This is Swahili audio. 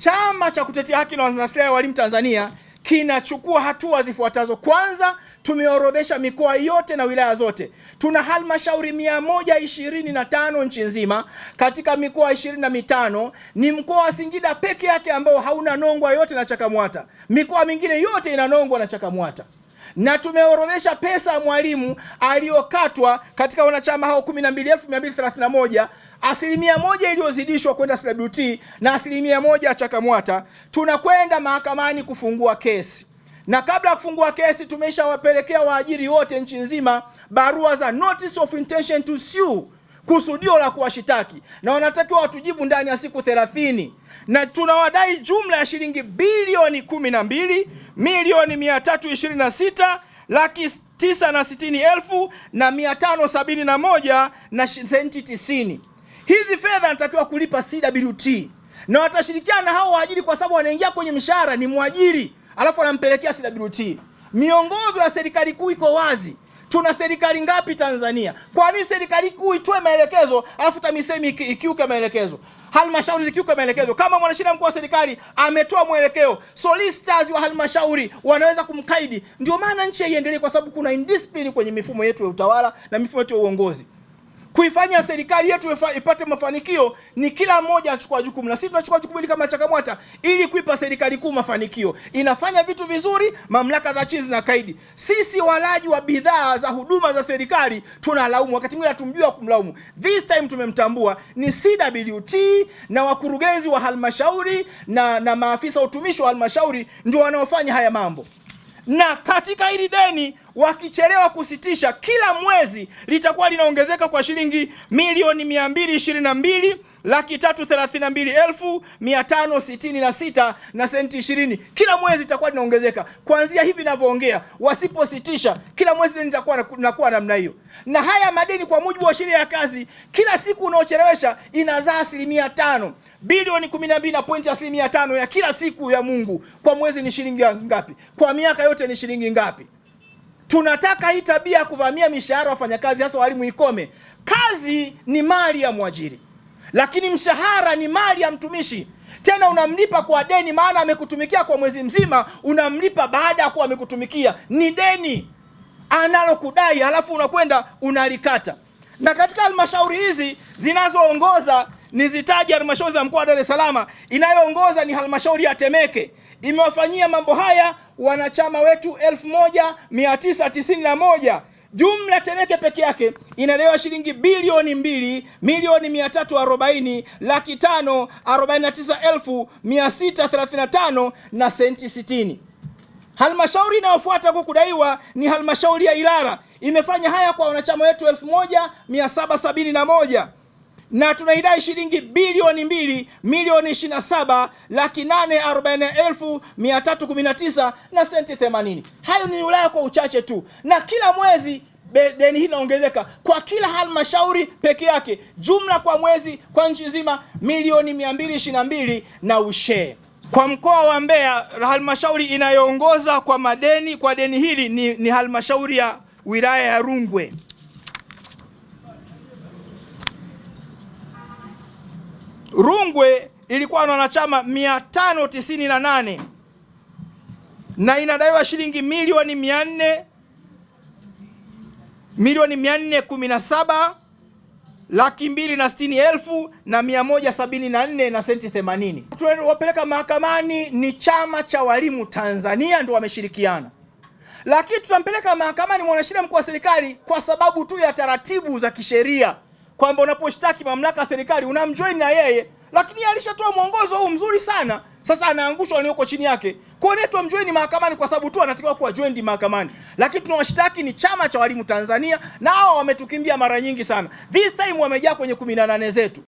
Chama cha kutetea haki na maslahi ya walimu Tanzania kinachukua hatua zifuatazo. Kwanza, tumeorodhesha mikoa yote na wilaya zote. Tuna halmashauri mia tano nchi nzima. Katika mikoa ishirini na mitano ni mkoa wa Singida peke yake ambao hauna nongwa yote na CHAKAMWATA. Mikoa mingine yote ina nongwa na CHAKAMWATA na tumeorodhesha pesa ya mwalimu aliyokatwa katika wanachama hao 12231 asilimia moja iliyozidishwa kwenda CWT na asilimia moja ya CHAKAMWATA. Tunakwenda mahakamani kufungua kesi, na kabla ya kufungua kesi tumeshawapelekea waajiri wote nchi nzima barua za notice of intention to sue kusudio la kuwashitaki na wanatakiwa watujibu ndani ya siku 30, na tunawadai jumla ya shilingi bilioni 12 milioni 326 laki tisa na sitini elfu na mia tano sabini na moja na senti tisini. Hizi fedha anatakiwa kulipa CWT na watashirikiana na hao waajiri, kwa sababu wanaingia kwenye mshahara, ni mwajiri alafu anampelekea CWT. Miongozo ya serikali kuu iko wazi. Tuna serikali ngapi Tanzania? Kwa nini serikali kuu itoe maelekezo alafu TAMISEMI ikiuke maelekezo, halmashauri zikiuka maelekezo? Kama mwanasheria mkuu wa serikali ametoa mwelekeo, solicitors wa halmashauri wanaweza kumkaidi. Ndio maana nchi haiendelee, kwa sababu kuna indiscipline kwenye mifumo yetu ya utawala na mifumo yetu ya uongozi kuifanya serikali yetu ipate mafanikio ni kila mmoja achukua jukumu, na sisi tunachukua jukumu kama CHAKAMWATA ili kuipa serikali kuu mafanikio. Inafanya vitu vizuri, mamlaka za chini zina kaidi. Sisi walaji wa bidhaa za huduma za serikali tunalaumu, wakati mwingine hatumjua kumlaumu. This time tumemtambua ni CWT na wakurugenzi wa halmashauri na, na maafisa utumishi wa halmashauri ndio wanaofanya haya mambo, na katika hili deni wakichelewa kusitisha, kila mwezi litakuwa linaongezeka kwa shilingi milioni mia mbili ishirini na mbili laki tatu thelathini na mbili elfu mia tano sitini na sita na senti ishirini. Kila mwezi itakuwa linaongezeka kuanzia hivi ninavyoongea, wasipositisha, kila mwezi deni litakuwa namna hiyo. Na haya madeni kwa mujibu wa sheria ya kazi, kila siku unaochelewesha inazaa asilimia tano, bilioni kumi na mbili na pointi asilimia tano ya kila siku ya Mungu. Kwa mwezi ni shilingi ngapi? Kwa miaka yote ni shilingi ngapi? Tunataka hii tabia ya kuvamia mishahara wafanyakazi hasa walimu ikome. Kazi ni mali ya mwajiri, lakini mshahara ni mali ya mtumishi. Tena unamlipa kwa deni, maana amekutumikia kwa mwezi mzima, unamlipa baada ya kuwa amekutumikia. Ni deni analokudai, halafu unakwenda unalikata. Na katika halmashauri hizi zinazoongoza nizitaje, halmashauri za mkoa wa Dar es Salaam, inayoongoza ni halmashauri ya Temeke imewafanyia mambo haya wanachama wetu 1991. Jumla Temeke peke yake inadaiwa shilingi bilioni mbili milioni mia tatu arobaini laki tano arobaini na tisa elfu mia sita tano na senti sitini. Halmashauri inayofuata kwa kudaiwa ni halmashauri ya ilara imefanya haya kwa wanachama wetu elfu moja mia saba sabini na moja na tunaidai shilingi bilioni mbili milioni ishirini na saba laki nane arobaini elfu mia tatu kumi na tisa na senti themanini. Hayo ni wilaya kwa uchache tu, na kila mwezi deni hii inaongezeka kwa kila halmashauri peke yake. Jumla kwa mwezi kwa nchi nzima milioni mia mbili ishirini na mbili na ushee. Kwa mkoa wa Mbeya, halmashauri inayoongoza kwa madeni kwa deni hili ni, ni halmashauri ya wilaya ya Rungwe. Rungwe ilikuwa na wanachama 598 na, na inadaiwa shilingi milioni 400 milioni 417 laki mbili na sitini elfu na mia moja sabini na nne na senti themanini. Tunawapeleka mahakamani ni chama cha walimu Tanzania ndio wameshirikiana, lakini tutampeleka mahakamani mwanasheria mkuu wa serikali kwa sababu tu ya taratibu za kisheria kwamba unaposhtaki mamlaka ya serikali unamjoin na yeye, lakini alishatoa mwongozo huu mzuri sana. Sasa anaangushwa walioko chini yake. Kwa nini tumjoin mahakamani? Kwa sababu tu anatakiwa kuwa joined mahakamani, lakini tunawashtaki ni chama cha walimu Tanzania, nao wametukimbia mara nyingi sana. This time wamejaa kwenye 18 zetu.